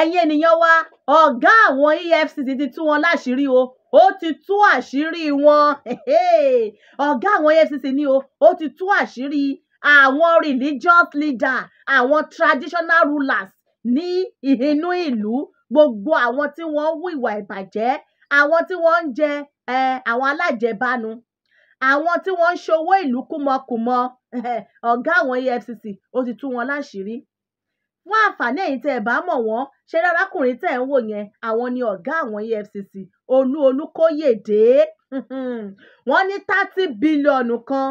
ẹ̀yin ènìyàn wa ọ̀gá àwọn EFCC ti tú wọn láṣìírí o ó ti tú àṣírí wọn ọ̀gá àwọn EFCC ni o ó ti tú àṣírí àwọn religious leader àwọn traditional rulers ní inú ìlú gbogbo àwọn tí wọ́n ń wíwà ìbàjẹ́ àwọn tí wọ́n ń jẹ àwọn alájẹbánu àwọn tí wọ́n ń ṣòwò ìlú kúmọkùmọ ọ̀gá àwọn EFCC ó ti tú wọn láṣìírí wọ́n àǹfààní ẹ̀yìn tẹ́ ẹ bá mọ̀ wọ́n ṣe rárákùnrin tẹ́ ẹ ń wò yẹn àwọn ni ọ̀gá àwọn EFCC olú olúkóyèdè wọ́n ní thirty bílíọ̀nù kan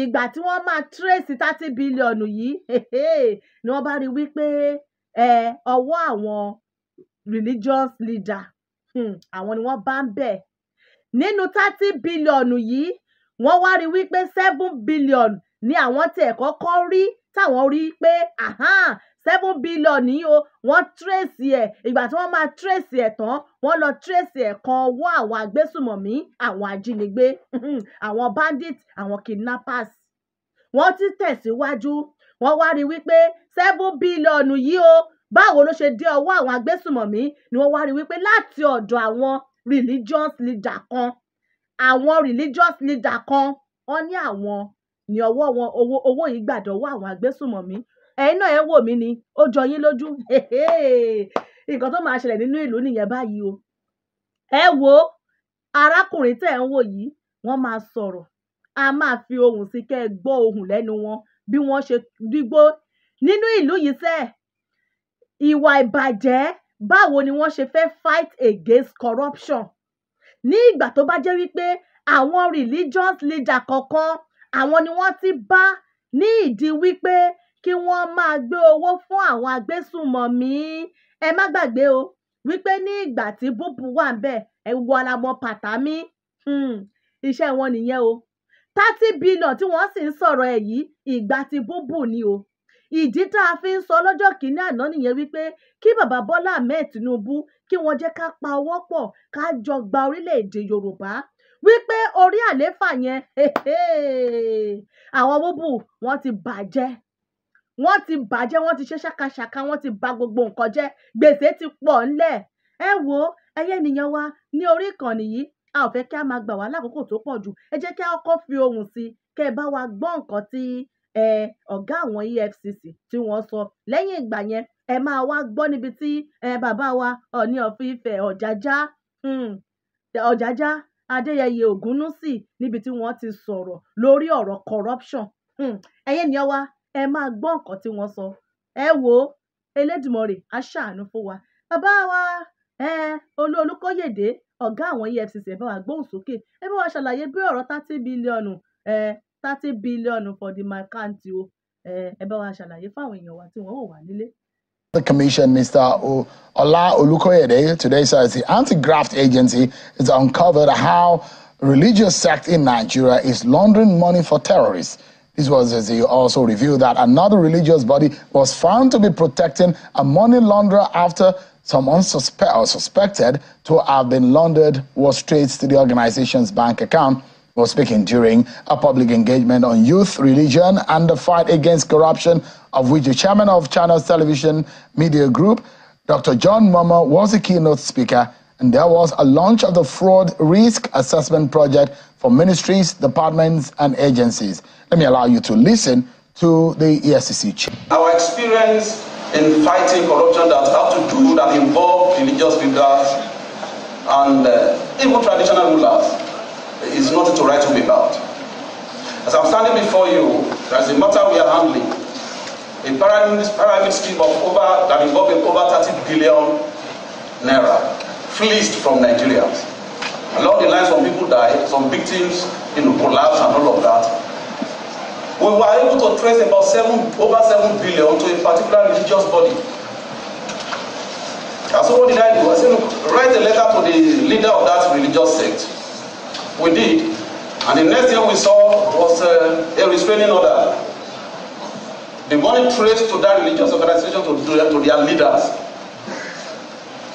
ìgbà tí wọ́n máa tírèsì thirty bílíọ̀nù yìí ni wọ́n bá rí wípé ọwọ́ àwọn religious leader hmm, àwọn ni wọ́n bá ń bẹ̀ nínú thirty bílíọ̀nù yìí wọ́n wá rí wípé seven billion ni àwọn tí ẹ̀kọ́ kọ́ rí táwọn rí pé seven billion ni o wọ́n tírèsì ẹ̀ ìgbà tí wọ́n máa tírèsì ẹ̀ tán wọ́n lọ tírèsì ẹ̀ kan ọwọ́ àwọn agbésùmọ̀mí àwọn ajínigbé àwọn bandits àwọn kidnappers wọ́n ti tẹ̀síwájú wọ́n wá rí wípé seven billion yìí o báwo ló ṣe dé ọwọ́ àwọn agbésùmọ̀mí ni wọ́n wá rí wípé láti ọ̀dọ̀ àwọn religious leader kan àwọn religious leader kan wọ́n ní àwọn ní ọwọ́ wọn owó owó yìí gbàdọ̀wọ́ àwọn agbésùmọ̀mí ẹ̀yin náà ẹ wò mí ni ó jọ yín lójú nǹkan tó máa ṣẹlẹ̀ nínú ìlú nìyẹn báyìí o ẹ wo arákùnrin tẹ̀ ń wò yìí wọ́n máa sọ̀rọ̀ a máa fi ohùn sí kẹ́ ẹ gbọ́ ohùn lẹ́nu wọn bí wọ́n ṣe dígbó nínú ìlú yìí sẹ́ ìwà ìbàjẹ́ báwo ni wọ́n ṣe fẹ́ fight against corruption ní ìgbà tó bá jẹ́ wípé àwọn religious leader kọ̀ọ̀kan àwọn ni wọ́n ti bá ní ìdí wípé kí wọ́n máa gbé owó fún àwọn agbésùnmọ̀mí ẹ má gbàgbé o wípé ní ìgbà tí búùpù wà ń bẹ̀ ẹ wọ la mọ pàtàmí hmm, iṣẹ́ wọn nìyẹn o thirty billion tí wọ́n sì ń sọ̀rọ̀ ẹ̀ yìí ìgbà tí búùpù ni o ìdí tá a fi ń sọ lọ́jọ́ kìíní àná nìyẹn wípé kí bàbá Bọ́lá Ahmed Tinubu kí wọ́n jẹ́ ká pa ọwọ́ pọ̀ ká jọ gba orílẹ̀-èdè Yorùbá wípé orí àléfà yẹn àwọn búbù wọ́n ti bàjẹ́ wọ́n ti bàjẹ́ wọ́n ti ṣe ṣàkàṣàkà wọ́n ti ba gbogbo nǹkan jẹ́ gbèsè ti pọ̀ ńlẹ̀ ẹ wo ẹyẹ ènìyàn wa ní orí ìkànnì yìí a ò fẹ́ kí a máa gbà wá lákòókò tó pọ̀ jù ẹ jẹ́ kí a kọ́kọ́ fi ohùn sí kẹ́ ẹ bá wa gbọ́ nǹkan tí ọ̀gá àwọn EFCC tí wọ́n sọ lẹ́yìn ìgbà yẹn ẹ máa wá gbọ́ níbi tí bàbá wa Ọọ̀ni of Ifẹ̀ Ọ̀jájá hmm, Ọ̀jájá Adéyẹyẹ Ògúnnúsì níbi tí wọ́n ti sọ̀rọ̀ lórí ọ̀rọ̀ corruption hmm, ẹ̀yẹ́ ènìyàn wa ẹ máa gbọ́ nǹkan tí wọ́n sọ ẹ wo Elédùmarè aṣàánú fún wa bàbá wa Olú ọ̀gá àwọn EFCC ẹ bá wa gbóhùn sókè ẹ bá wa ṣàlàyé bí ọ̀rọ̀ thirty bílíọ̀nù thirty bílíọ̀nù for the mercantile o ẹ bá wa ṣàlàyé fáwọn èèyàn wa tí wọ́n ò wà nílé. The Commission, Mr. O Ola Olukoyede, today says the anti-graft agency has uncovered how religious sect in Nigeria is laundering money for terrorists. This was as he also revealed that another religious body was found to be protecting a money launderer after some unsuspect or uh, suspected to have been laundered was traced to the organization's bank account was speaking during a public engagement on youth, religion, and the fight against corruption, of which the chairman of China's television media group, Dr. John Mama, was a keynote speaker and there was a launch of the Fraud Risk Assessment Project for ministries, departments, and agencies. Let me allow you to listen to the ESCC chief. Our experience in fighting corruption that have to do that involve religious leaders and uh, even traditional rulers is not to write home about. As I'm standing before you, there is a matter we are handling. A pyramid, pyramid scheme of over that involving over 30 billion naira fleeced from Nigerians. Along the lines, some people died, some victims, you know, collapsed and all of that. We were able to trace about seven, over seven billion to a particular religious body. And so what did I do? I said, look, write a letter to the leader of that religious sect. We did. And the next thing we saw was uh, a restraining order. The money traced to that religious organization to, to, to their leaders.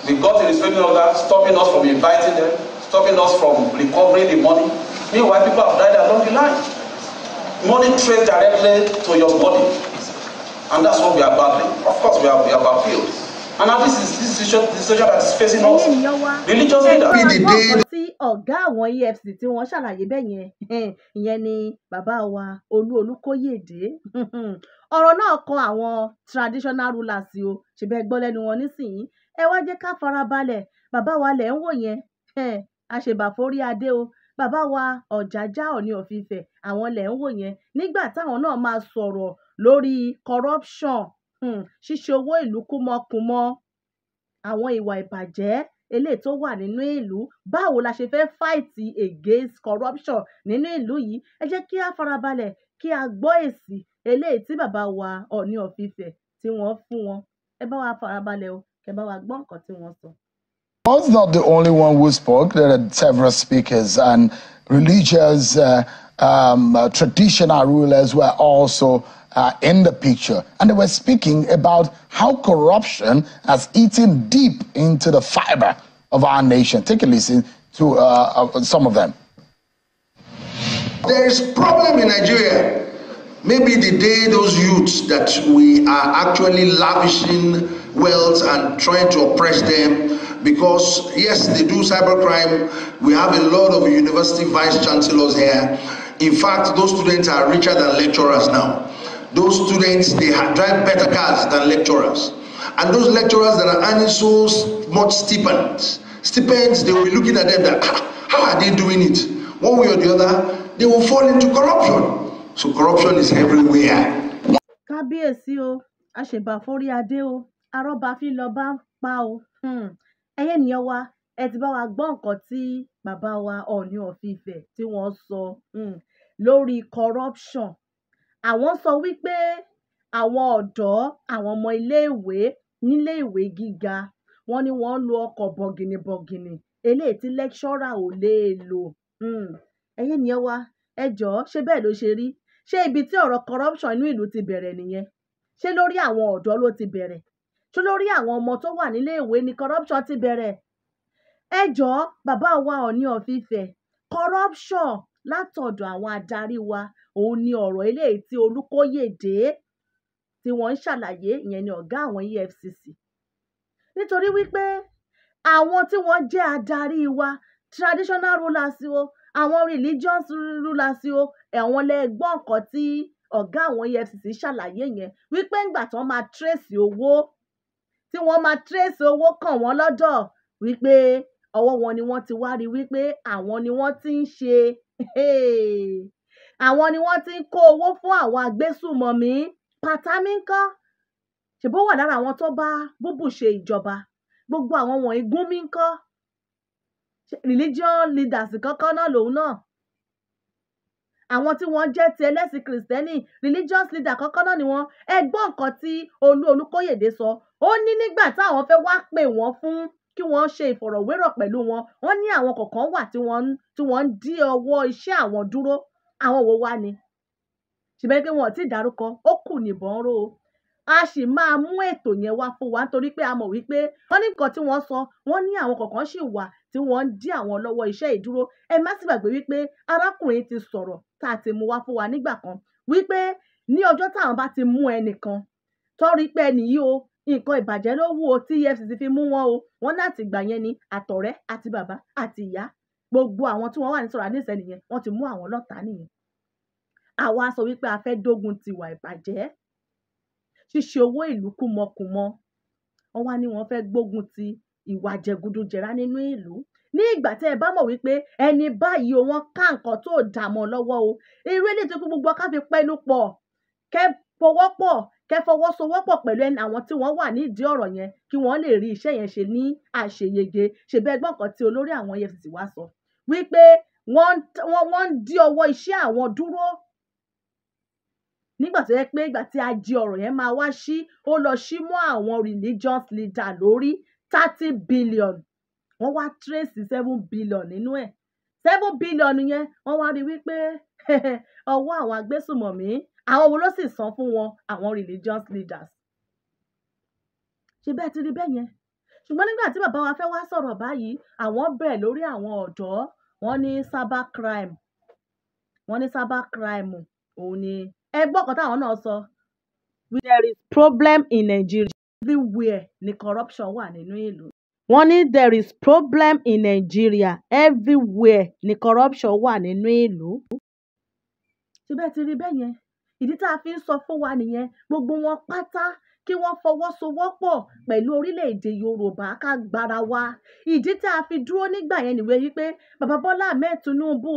Because in the making of that, stopping us from inviting them, stopping us from recovering the money. Meanwhile, people have died along the line. Money trades directly to your body. And that's what we are battling. Of course, we have we have appealed. And now this is this decision, decision that is facing us. Religious leaders. Be the day. tí ọ̀gá àwọn EFCC tí wọ́n ṣàlàyé bẹ́ẹ̀ yẹn ìyẹn ni bàbá wa Olú Olúkóyèdé ọ̀rọ̀ náà kan àwọn traditional rulers o ṣe bẹ́ẹ̀ gbọ́ lẹ́nu wọn nísìnyí ẹ wá jẹ́ ká farabalẹ̀ bàbá wa lẹ̀ ń wò yẹn àṣebàforí adé o bàbá wa ọ̀jájá ọ̀ní òfìfẹ́ àwọn lẹ̀ ń wò yẹn nígbà táwọn náà máa sọ̀rọ̀ lórí corruption hmm, ṣíṣe owó ìlú kúmọkùmọ àwọn ìwà ìbàjẹ́ eléyìí tó wà nínú ìlú báwo la ṣe fẹ́ fáìtì against corruption nínú ìlú yìí ẹ jẹ́ kí a farabalẹ̀ kí a gbọ́ èsì eléyìí tí bàbá wa ọ̀ní ọ̀fìfẹ́ tí wọ́n fún wọn ẹ bá wa farabalẹ̀ o I was not the only one who spoke. There are several speakers, and religious uh, um, uh, traditional rulers were also uh, in the picture. And they were speaking about how corruption has eaten deep into the fiber of our nation. Take a listen to uh, uh, some of them. There is problem in Nigeria. Maybe the day those youths that we are actually lavishing wealth and trying to oppress them because yes they do cybercrime we have a lot of university vice chancellors here in fact those students are richer than lecturers now those students they drive better cars than lecturers and those lecturers that are earning so much stipends stipends they will be looking at them that how are they doing it one way or the other they will fall into corruption so corruption is everywhere kábíyèsí o àṣebà forí adé o arọ́bàfin lọba ń pa ọ́ um hmm. ẹ̀yin ènìyàn wa ẹ ti bá wa gbọ́ nǹkan tí bàbá wa ọ̀ọ̀ni of Ifẹ̀ tí wọ́n sọ um lórí corruption àwọn sọ wípé àwọn ọ̀dọ́ àwọn ọmọ iléèwé níléèwé gíga wọ́n ní wọ́n ń lo ọkọ̀ bọ̀gìnìbọ̀gìnì eléyìí tí lẹ́kṣọ́rà ò lè lò hmm. ẹ̀yin ènìyàn wa ẹ jọ̀ọ́ ṣé bẹ́ẹ̀ ló ṣe rí ṣé ibi tí ọ̀rọ̀ corruption inú ìlú ti bẹ̀rẹ̀ nìyẹn ṣé lórí àwọn ọ̀dọ́ ló ti bẹ̀rẹ̀ tó lórí àwọn ọmọ tó wà níléèwé ni corruption ti bẹ̀rẹ̀ ẹ jọ̀ọ́ bàbá wa Ọọ̀ni of Ifẹ̀ corruption látọ̀dọ̀ àwọn adarí wa òun ni ọ̀rọ̀ eléyìí tí Olúkóyèdé tí wọ́n ń ṣàlàyé ìyẹn ni ọ̀gá àwọn EFCC nítorí wípé àwọn tí wọ́n jẹ́ adarí wa traditional rulers o àwọn religious rulers o ẹ̀wọ̀n lẹ gbọ́ nǹkan tí ọ̀gá àwọn EFCC ṣàlàyé yẹn wípé ńgbà tí wọ́n máa trace owó tí wọ́n máa trace owó kàn wọ́n lọ́dọ̀ wípé ọwọ́ wọn ni wọ́n ti wá rí wípé àwọn ni wọ́n ti ń ṣe àwọn ni wọ́n ti ń kó owó fún àwọn agbésùmọ̀mí pàtàmì ńkọ́ ṣèbó wà lára àwọn tó bá búbù ṣe ìjọba gbogbo àwọn wọ̀nyí gúnmí ńkọ́ religion leaders kankan náà lòun náà àwọn tí wọ́n jẹ́ ti ẹlẹ́sìn kìrìsìtẹ́nì religious leader kọ́kọ́ náà ni wọ́n ẹ gbọ́ nǹkan tí Olú Olúkóyèdé sọ ó ní nígbà táwọn fẹ́ wá pè wọ́n fún kí wọ́n ṣe ìfọ̀rọ̀wérọ̀ pẹ̀lú wọn wọ́n ní àwọn kọ̀ọ̀kan wà tí wọ́n ń dí ọwọ́ iṣẹ́ àwọn dúró àwọn wo wá ni ṣùgbọ́n pé wọn ò tí ì dárúkọ ó kù níbọn ró o a sì máa mú ètò yẹn wá fún wa nítorí pé a mọ̀ wípé wọ́n ní nǹkan tí wọ́n sọ wọ́n ní àwọn kọ̀ọ̀kan sì wà tí wọ́n ń dí àwọn lọ́wọ́ iṣẹ́ ìdúró ẹ má sì gbàgbé wípé arákùnrin ti sọ̀rọ̀ tá a ti mú wá fún wa nígbà kan wípé ní ọjọ́ táwọn bá ti mú ẹnìkan tọ́rí pé ẹnì yìí o nǹkan ìbàjẹ́ ló wù ó tí EFCC fi mú wọn o wọn láti gbà yẹn ni àtọ̀rẹ́ àti bàbá àti ìyá gbogbo àwọn tí wọ́n wà ní sọ̀rọ̀ nìyẹn wọ́n ti mú àwọn lọ́tàá nìyẹn àwa sọ wípé a fẹ́ dógun tiwa ìbàjẹ́ ṣíṣe owó ìlú kùmọkùmọ. Wọ́n wá ní wọ́n fẹ́ gbógun ti ìwà jẹgúdújẹrá nínú ìlú. Ní ìgbà tí ẹ bá mọ̀ wípé ẹni báyìí o wọ́n ká nǹkan tó dà mọ́ lọ́wọ́ o, irú eléyìí tó gbogbo wa ká fi pẹ́nu pọ̀, kẹ́ fọwọ́pọ̀, kẹ́ fọwọ́sowọ́pọ̀ pẹ̀lú ẹni àwọn tí wọ́n wà nídìí ọ̀rọ̀ yẹn kí wọ́n lè rí iṣẹ́ yẹn ṣe ní àṣeyege. Ṣèbí ẹ gbọ́ nǹkan tí olórí àwọn EFCC wá sọ? Wípé wọ́n, ń dí ọwọ́ iṣẹ́ àwọn dúró nígbà tó yẹ pé ìgbà tí a jí ọ̀rọ̀ yẹn máa wá sí ó lọ sí mọ́ àwọn religious leader lórí thirty billion wọ́n wá trace seven billion nínú ẹ̀ seven billion yẹn wọ́n wá rí wípé ọwọ́ àwọn agbésùmọ̀mí àwọn wo ló sì san fún wọn àwọn religious leaders ṣe bẹ́ẹ̀ ti rí bẹ́ẹ̀ yẹn ṣùgbọ́n nígbà tí bàbá wa fẹ́ wá sọ̀rọ̀ báyìí àwọn bẹ̀ lórí àwọn ọ̀dọ́ wọ́n ní cyber crime wọ́n ní cyber crime òun ni ẹ gbọ́ táwọn náà sọ there is problem in Nigeria everywhere ni corruption wà nínú ìlú wọ́n ní there is problem in Nigeria everywhere ni corruption wà nínú ìlú. síbẹ̀ ti rí bẹ́ẹ̀ yẹn ìdí tá a fi ń sọ fún wa nìyẹn gbogbo wọn pátá kí wọ́n fọwọ́sowọ́pọ̀ pẹ̀lú orílẹ̀-èdè Yorùbá ká gbára wa ìdí tá a fi dúró nígbà yẹn nìwé yìí pé bàbá Bọ́lá Ahmed Tinubu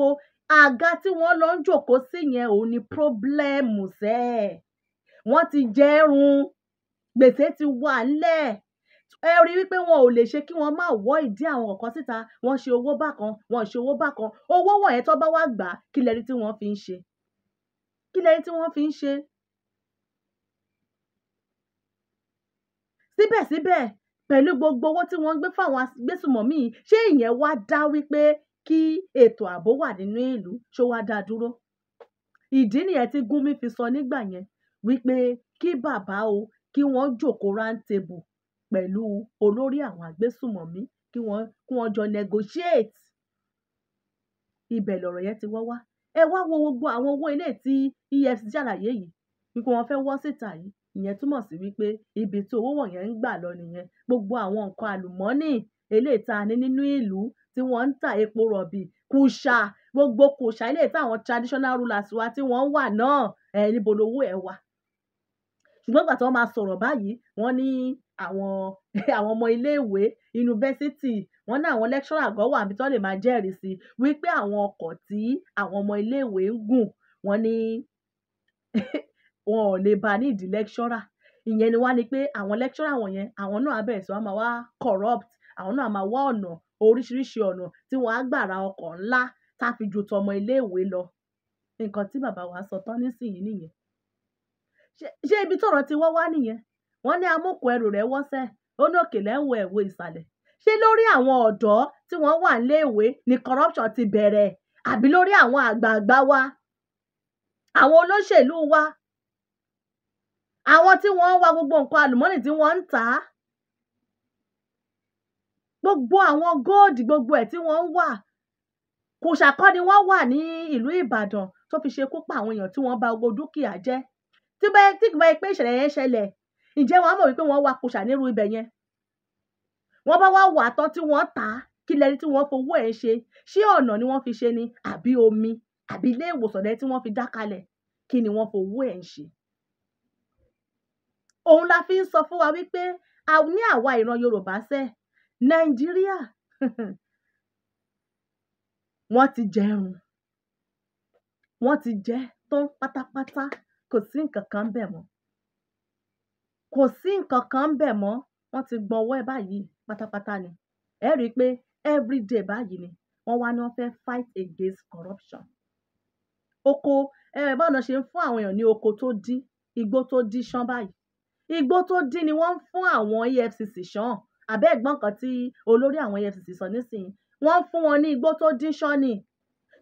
àga tí wọ́n lọ ń jòkó sí yẹn ò ní pírọ́blẹ́mù sẹ́ wọ́n ti jẹ́rùn gbèsè ti wà lẹ̀ ẹ rí wípé wọn ò lè ṣe kí wọ́n má wọ́ ìdí àwọn kọ̀ọ̀kan síta wọ́n ṣe owó bákan wọ́n ṣe owó bákan owó wọ̀nyẹn tó bá wá gbà kí lẹ́rí tí wọ́n fi ń ṣe kí lẹ́rí tí wọ́n fi ń ṣe. síbẹ̀síbẹ̀ pẹ̀lú gbogbo owó tí wọ́n ń gbé fáwọn agbésùmọ̀mí ṣé ìyẹn wá dá wípé kí ètò ààbò wà nínú ìlú ṣó wá dá dúró ìdí nìyẹn tí Gumi fi sọ nígbà yẹn wípé kí bàbá o kí wọ́n jókòó round table pẹ̀lú olórí àwọn agbésùmọ̀mí kí wọ́n kí wọ́n jọ negotiate ibẹ̀ lọ̀rọ̀ yẹn ti wọ́ wá ẹ wá wo gbogbo àwọn owó ilé tí EFCC ṣàlàyé yìí wípé wọ́n fẹ́ wọ́ síta yìí ìyẹn túmọ̀ sí wípé ibi tí owó wọ̀nyẹn ń gbà lọ nìyẹn gbogbo àwọn nǹkan àlùmọ́ọ́nì eléyìí tá a ní nínú ìlú tí wọ́n ń ta epo rọ̀bì kùsà gbogbo kùsà ilé táwọn traditional rulers wa tí wọ́n wà náà ẹ̀ níbo lowó ẹ̀ wà ṣùgbọ́n gbà tí wọ́n máa sọ̀rọ̀ báyìí wọ́n ní àwọn ọmọ iléèwé yunifásitì wọ́n ní àwọn lecturer àgọ́ wà níbi tí wọ́n lè máa jẹ́rìí sí wípé àwọn ọkọ̀ tí àwọn ọmọ iléèwé ń gùn wọ́n ní wọn ò lè bá ní ìdí lecturer ìyẹn ni wá ni pé àwọn lecturer wọ̀nyẹn àwọn náà abẹ́rẹ́ sí wọn máa wá corrupt àwọn náà máa wá ọ̀nà oríṣiríṣi ọ̀nà tí wọ́n á gbà ra ọkọ̀ ńlá tá fi ju tọmọ ilé ìwé lọ. Nǹkan tí bàbá wa sọ tán nísìnyí nìyẹn. Ṣé ibi tọ̀rọ̀ ti wọ́ wá nìyẹn? Wọ́n ní amúkùn ẹrù rẹ̀ wọ́sẹ̀, ó ní òkèlè ń wo ẹ̀ wo ìsàlẹ̀. Ṣé lórí àwọn ọ̀dọ́ tí wọ́n wà nílé ni corruption ti bẹ̀rẹ̀? Àbí lórí àwọn àgbààgbà wa? Àwọn olóṣèlú wa? Àwọn tí wọ́n wa gbogbo nǹkan àlùmọ́nì tí wọ́n ń tà á? gbogbo àwọn góòdì gbogbo ẹ̀ tí wọ́n ń wà kò ṣàkọ́ni wọ́n wà ní ìlú Ìbàdàn tó fi ṣekú pa àwọn èèyàn tí wọ́n ba gbogbo dúkìá jẹ́ tí bá tí bá pé ìṣẹ̀lẹ̀ yẹn ṣẹlẹ̀ ǹjẹ́ wọ́n á mọ̀ wípé wọ́n wa kùsà nírú ibẹ̀ yẹn wọ́n bá wá wà tán tí wọ́n tà á kí lẹ́ni tí wọ́n fowó ẹ̀ ṣe ṣé ọ̀nà ni wọ́n fi ṣe ni àbí omi àbí ilé ìwòsàn lẹ́ni tí wọ́n fi dá kalẹ̀ kí ni wọ́n fowó ẹ̀ ń ṣe. òun la fi ń sọ fún wa wípé a ní àwa ìran Yorùbá sẹ́ẹ̀ Nàìjíríà wọ́n ti jẹ ẹran, wọ́n ti jẹ tán pátápátá, kò sí nǹkan kan bẹ̀ mọ́. Kò sí nǹkan kan bẹ̀ mọ́, wọ́n ti gbọ̀wọ́ ẹ̀ báyìí pátápátá ni. Ẹ rí i pé everyday báyìí ni wọ́n wá ní wọ́n fẹ́ fight against corruption. Oko, ẹ bá ọ̀nà ṣe ń fún àwọn èèyàn ní oko tó dí, igbó tó dí ṣán báyìí. Igbó tó dí ni wọ́n ń fún àwọn EFCC ṣán àbẹ́ ẹ̀gbọ́n kan tí olórí àwọn EFCC sọ nísìnyí wọ́n fún wọn ní igbó tó dín ṣọ́ni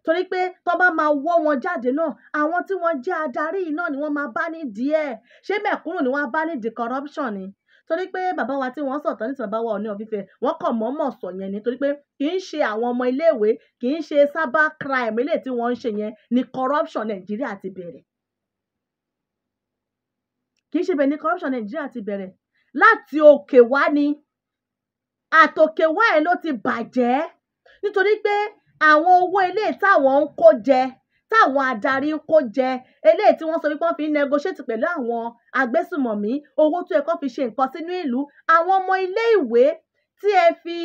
torí pé tó bá máa wọ́ wọn jáde náà àwọn tí wọ́n jẹ́ adarí náà ni wọ́n máa bá nídìí ẹ̀ ṣé mẹ̀kúrù ni wọ́n bá nídìí corruption ni torí pé bàbá wa tí wọ́n sọ̀tàn ní bàbá wa Ọọ̀ni of Ifẹ̀ wọ́n kàn mọ́mọ́ sọ yẹn ni torí pé kì í ṣe àwọn ọmọ iléèwé kì í ṣe cyber crime eléyìí tí wọ́n ń ṣe yẹn ni corruption Nàìjíríà ti bẹ̀rẹ̀ kì í ṣe bẹ̀ ni corruption Nàìjíríà ti bẹ̀rẹ̀ láti òkè wá ni àtòkè wá ẹ̀ ló ti bàjẹ́ nítorí pé àwọn owó eléyìí táwọn ń kó jẹ táwọn adarí ń kó jẹ eléyìí tí wọ́n sọ wípé wọ́n fi ń negotiate pẹ̀lú àwọn agbésùmọ̀mí owó tó yẹ kó fi ṣe nǹkan sínú ìlú àwọn ọmọ ilé ìwé tí ẹ fi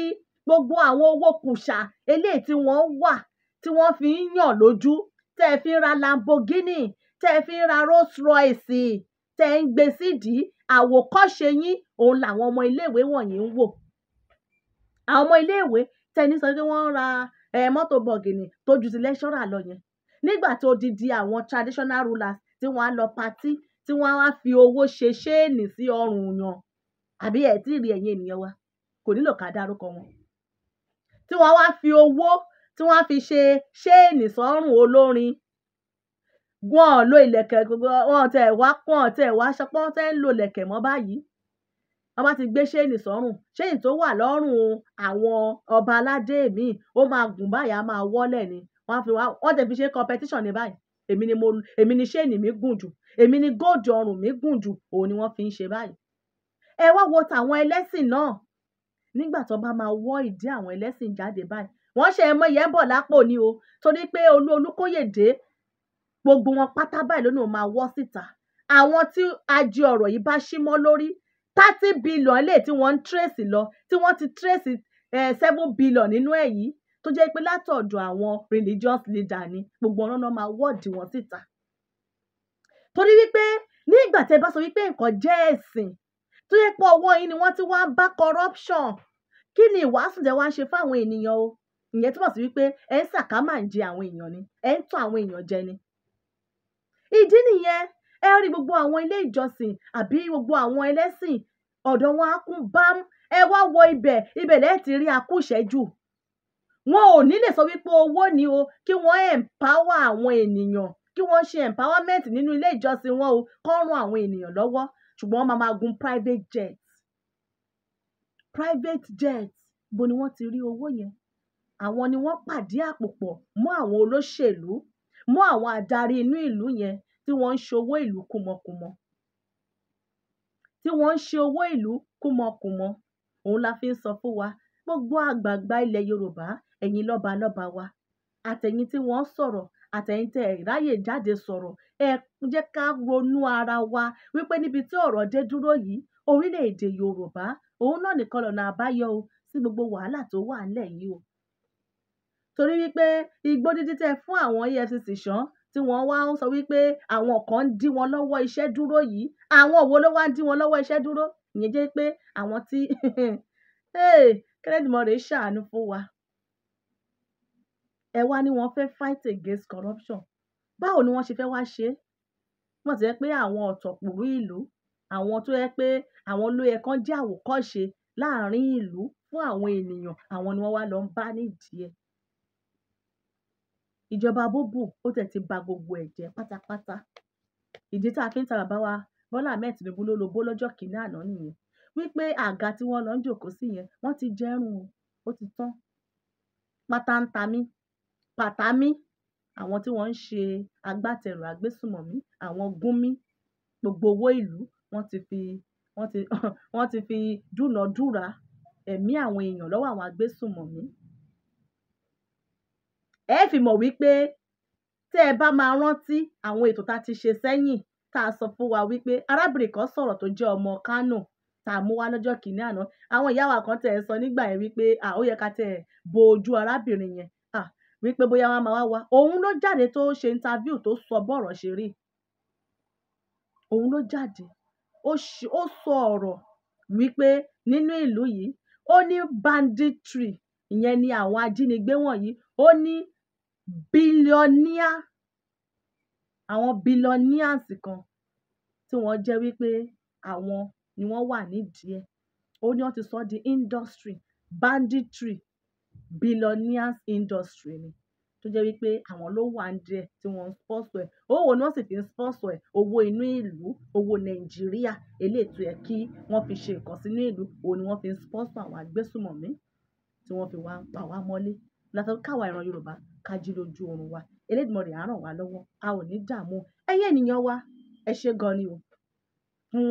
gbogbo àwọn owó kùsà eléyìí tí wọ́n wà tí wọ́n fi ń yàn lójú tẹ́ ẹ fi ń ra Lamborghini tẹ́ ẹ fi ń ra Rolls Royce tẹ́ ẹ ń gbé sídìí àwòkọ́ṣe yín òun làwọn ọmọ iléèwé wọ̀nyí ń wò àwọn ọmọ iléèwé tẹni sọ pé wọ́n ń ra mọ́tò bọ̀gìnì tó ju ti lẹ́ṣọ́rà lọ yẹn nígbà tó di di àwọn traditional rulers tí wọ́n á lọ patí tí wọ́n á fi owó ṣe ṣéènì sí ọrùn yàn àbí ẹ̀ tí ì rí ènìyàn wa kò nílò ká dárúkọ wọn tí wọ́n wá fi owó tí wọ́n fi ṣe ṣéènì sọ́rùn olórin wọn ò lo ìlẹ̀kẹ̀ wọn tẹ̀ wá wọn tẹ̀ wá aṣọ pọ́n ń lo ìlẹ̀kẹ̀ mọ́ báyìí wọ́n bá ti gbé ṣéènì sọ́rùn ṣéènì tó wà lọ́rùn àwọn ọba aládé mi ó máa gùn báyìí á máa wọ́lẹ̀ ni wọ́n á fi wá wọ́n tẹ̀ fi ṣe competition ní báyìí èmi ni mo èmi ni ṣéènì mi gùn jù èmi ni góòdù ọrùn mi gùn jù òun ni wọ́n fi ń ṣe báyìí ẹ wá wo tàwọn ẹlẹ́sìn náà nígbà tó bá máa wọ́ ìdí àwọn ẹlẹ́sìn jáde báyìí wọ́n ṣe ẹmọ yẹn bọ̀ lápò ni o torí pé olú olúkóyèdè gbogbo wọn pátá báyìí lónìí ò máa wọ́ síta àwọn tí ajé ọ̀rọ̀ yìí bá símọ́ lórí thirty billion eléyìí tí wọ́n ń trace lọ tí wọ́n ti trace seven billion nínú ẹ̀ yìí tó jẹ́ pé látọ̀dọ̀ àwọn religious leader ni gbogbo ọ̀rọ̀ náà máa wọ́ọ̀dì wọn síta. torí wípé ní ìgbà tẹ́ bá sọ wípé nǹkan jẹ́ ẹ̀sìn tó yẹ pé ọwọ́ yìí ni wọ́n ti wá bá corruption kí ni ìwàásù tẹ́ wá ń ṣe fáwọn ènìyàn o ìyẹn túmọ̀ sí wípé ẹ̀ ń sàkámà ń jẹ àwọn èèyàn ni ẹ̀ ń tọ́ àwọn èèyàn jẹ ni. ìdí nìyẹn ẹ rí gbogbo àwọn ilé ìjọsìn àbí gbogbo àwọn ẹlẹ́sìn ọ̀dọ̀ wọn á kún bám ẹ wá wọ ibẹ̀ ibẹ̀ lẹ́ẹ̀ ti rí akúṣẹ́jù wọn ò ní lè sọ wípé owó ni o kí wọ́n empower àwọn ènìyàn kí wọ́n ṣe empowerment nínú ilé ìjọsìn wọn o kán ran àwọn ènìyàn lọ́wọ́ ṣùgbọ́n wọ́n máa máa gun private jet private jet bo ni wọ́n ti rí owó yẹn àwọn ni wọ́n pàdé àpò pọ̀ mọ́ àwọn olóṣèlú mọ́ àwọn adarí inú ìlú yẹn tí wọ́n ń ṣe owó ìlú kùmọ̀kùmọ̀ tí wọ́n ń ṣe owó ìlú kùmọ̀kùmọ̀ òun la fi ń sọ fún wa gbogbo àgbààgbà ilẹ̀ yorùbá ẹ̀yin lọ́ba lọ́ba wa àtẹ̀yin tí wọ́n sọ̀rọ̀ àtẹ̀yin tẹ́ ráyè jáde sọ̀rọ̀ ẹ jẹ́ ká ronú ara wa wípé níbi tí ọ̀rọ̀ dé dúró yìí orílẹ̀-èdè yorùbá òun náà nìkan lọ́nà àbáyọ o sí gbogbo wàhálà tó wà ńlẹ̀ yìí o torí wípé igbó dídí tẹ́ fún àwọn efcc ṣán tí wọ́n wá ń sọ wípé àwọn kan ń dí wọn lọ́wọ́ iṣẹ́ dúró yìí àwọn wo ló wá ń dí wọn lọ́wọ́ iṣẹ́ dúró ìyẹn jẹ́ pé àwọn tí kẹ́lẹ́dìmọ̀ rẹ̀ ṣàánú fún wa ẹ wá ní wọ́n fẹ́ fight against corruption báwo ni wọ́n ṣe fẹ́ wá ṣe é wọ́n ti jẹ́ pé àwọn ọ̀tọ̀kùrú ìlú àwọn tó yẹ pé àwọn ló yẹ kán jẹ́ àwòkọ́ṣe láàrin ìlú fún àwọn ènìyàn àwọn ni wọ́n wá lọ ń bá nídìí ẹ̀ ìjọba bóbù ó tẹ̀ ti ba gbogbo ẹ̀ jẹ́ pátápátá ìdí tá a fi ń ta bàbá wa Bọ́lá Ahmed Tinubu ló lobó lọ́jọ́ kìíní àná nìyẹn wípé àga tí wọ́n lọ ń jòkó sí yẹn wọ́n ti jẹ́rùn o ó ti tán pátá ń ta mí pàtá mí àwọn tí wọ́n ń ṣe agbátẹrù agbésùmọ̀mí àwọn gúnmí gbogbo owó ìlú wọ́n ti fi wọ́n ti wọ́n ti fi dúnàádúrà ẹ̀mí àwọn èèyàn lọ́wọ́ àwọn agbésùmọ̀mí ẹ fi mọ̀ wípé tẹ́ ẹ bá máa rántí àwọn ètò tá a ti ṣe sẹ́yìn tá a sọ fún wa wípé arábìnrin kan sọ̀rọ̀ tó jẹ́ ọmọ Kánò tá a mú wá lọ́jọ́ kìíní àná àwọn ìyá wa kan tẹ̀ ẹ sọ nígbà yẹn wípé à ó yẹ ká tẹ̀ ẹ bo ojú arábìnrin yẹn wípé bóyá wọn máa wá wa òun ló jáde tó ṣe interview tó sọ bọ́ọ̀rọ̀ ṣe rí òun ló jáde ó sọ ọ̀rọ̀ wípé nínú ìlú yìí ó ní banditry ìyẹn ni àwọn ajínigbé wọ̀nyí ó ní billionaire àwọn billionaires kan tí wọ́n jẹ́ wípé àwọn ni wọ́n wà nídìí ẹ̀ ó ní wọ́n ti sọ di industry banditry billionaires industry ni tó jẹ́ wípé àwọn ló wà nídìí ẹ̀ tí wọ́n ń sponsor ẹ̀ owó ni wọ́n sì fi ń sponsor ẹ̀ owó inú ìlú owó nàìjíríà eléètò ẹ̀ kí wọ́n fi ṣe nǹkan sínú ìlú òun ni wọ́n fi ń sponsor àwọn agbésùmọ̀mí tí wọ́n fi wá pa wá mọ́lé lásán káwa ìran yorùbá ká jí lójú oorun wa Elédùmarè á ràn wá a ò ní dààmú ẹ̀yin ènìyàn wa ẹ ṣé gan ni o fún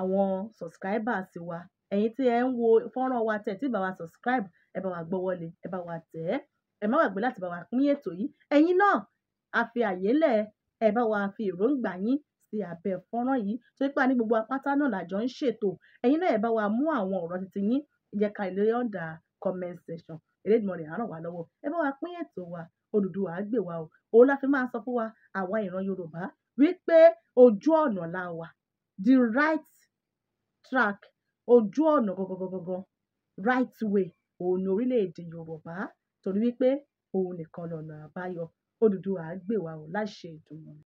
àwọn subscribers wa ẹ̀yin tí ẹ ń wo fọ́nrán wa tẹ̀ tí bá wa subscribe ẹ bá wa gbọ́wọ́ lé ẹ bá wa tẹ̀ ẹ́ ẹ má gbàgbé láti bá wa pín ètò yìí ẹ̀yin náà a fi àyè lẹ̀ ẹ bá wa fi èròǹgbà yín sí abẹ́ fọ́nrán yìí tó ń pa ní gbogbo apáta náà làjọ ń ṣètò ẹ̀yin náà ẹ bá wa mú àwọn ọ̀rọ̀ titi yín jẹ́ ká ọ̀dà comment section Elédùmarè á ràn wá lọ́wọ́ ẹ bá wa pín ètò wa Odùduwà á gbè wá o òun la fi máa sọ fún wa àwa ìran Yorùbá wípé ojú ọ̀nà la wà the right track ojú ọ̀nà gangan right way òun ni orílẹ̀-èdè Yorùbá torí wípé òun nìkan lọ̀nà àbáyọ Odùduwà á gbè wá o láṣẹ Èdùmàrè.